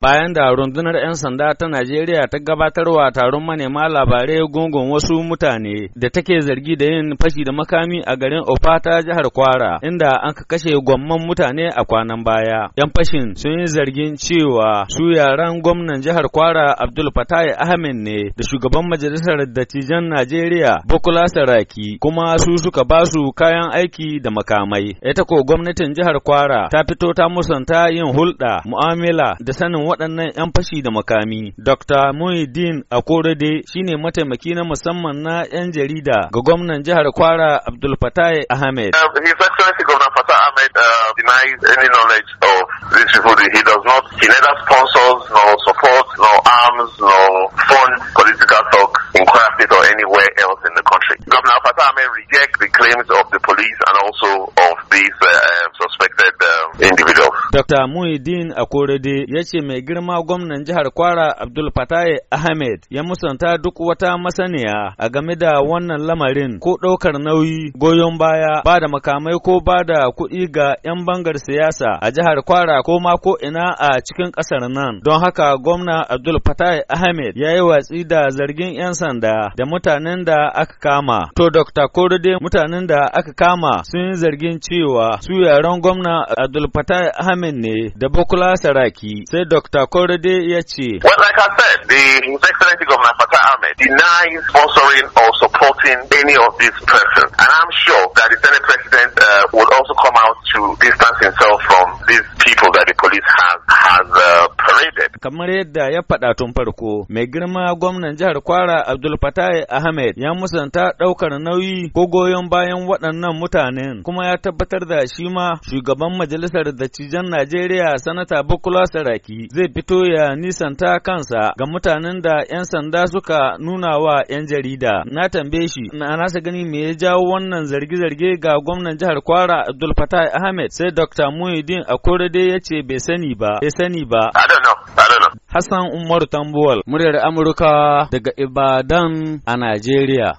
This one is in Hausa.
bayan da rundunar 'yan sanda ta Najeriya ta gabatarwa taron manema labarai gungun wasu mutane da take zargi da yin fashi da makami a garin Ofata jihar Kwara inda an kashe gwamman mutane a kwanan baya. 'Yan fashin sun yi zargin cewa su yaran gwamnan jihar Kwara Abdul Fatai Ahmed ne da shugaban majalisar dattijan Najeriya Bukola Saraki kuma su suka ba su kayan aiki da makamai. Ita ko gwamnatin jihar Kwara ta fito ta musanta yin hulɗa mu'amala da sanin waɗannan 'yan fashi da makami. Dr. Muhyiddin Akorede shine mataimaki na musamman na 'yan jarida ga gwamnan jihar Kwara Abdul Fatai Ahmed. His Excellency Governor Ahmed uh, denies any knowledge of this people. He does not, he neither sponsors, nor supports, nor arms, nor fund political talk. in Kwara State or anywhere else in the country. Governor Fatah may reject the claims of the police and also of these uh, um, suspected uh, individuals. Dr. Muhyiddin Akorede ya ce mai girma gwamnan jihar Kwara Abdul Fatai Ahmed ya musanta duk wata masaniya a game da wannan lamarin ko ɗaukar nauyi goyon baya ba da makamai ko ba da kuɗi ga 'yan bangar siyasa a jihar Kwara ko ma ko ina a cikin ƙasar nan. Don haka gwamna Abdul Fatai Ahmed ya yi watsi da zargin 'yan sanda da mutanen da aka kama. To Dr. Korode mutanen da aka kama sun zargin cewa su yaran gwamna Abdul Fattah Ahmed ne da Bukula Saraki. Sai Dr. Korode ya ce. Well, like I said, the His Excellency Governor Fattah Ahmed denies sponsoring or supporting any of these persons. And I'm sure that the Senate President uh, would also come out to distance himself from these people that the police has, has uh, kamar yadda ya faɗa tun farko mai girma gwamnan jihar Kwara Abdul Fatai Ahmed ya musanta ɗaukar nauyi ko goyon bayan waɗannan mutanen kuma ya tabbatar da shi ma shugaban majalisar dattijan Najeriya sanata Bukola Saraki zai fito ya nisanta kansa ga mutanen da 'yan sanda suka nuna wa 'yan jarida na tambaye shi na nasa gani me ya jawo wannan zarge-zarge ga gwamnan jihar Kwara Abdul Fatai Ahmed sai Dr. Muhyiddin Akorede ya ce bai sani ba bai sani ba Hassan Umaru Tambuwal, muryar Amurka daga Ibadan a Najeriya.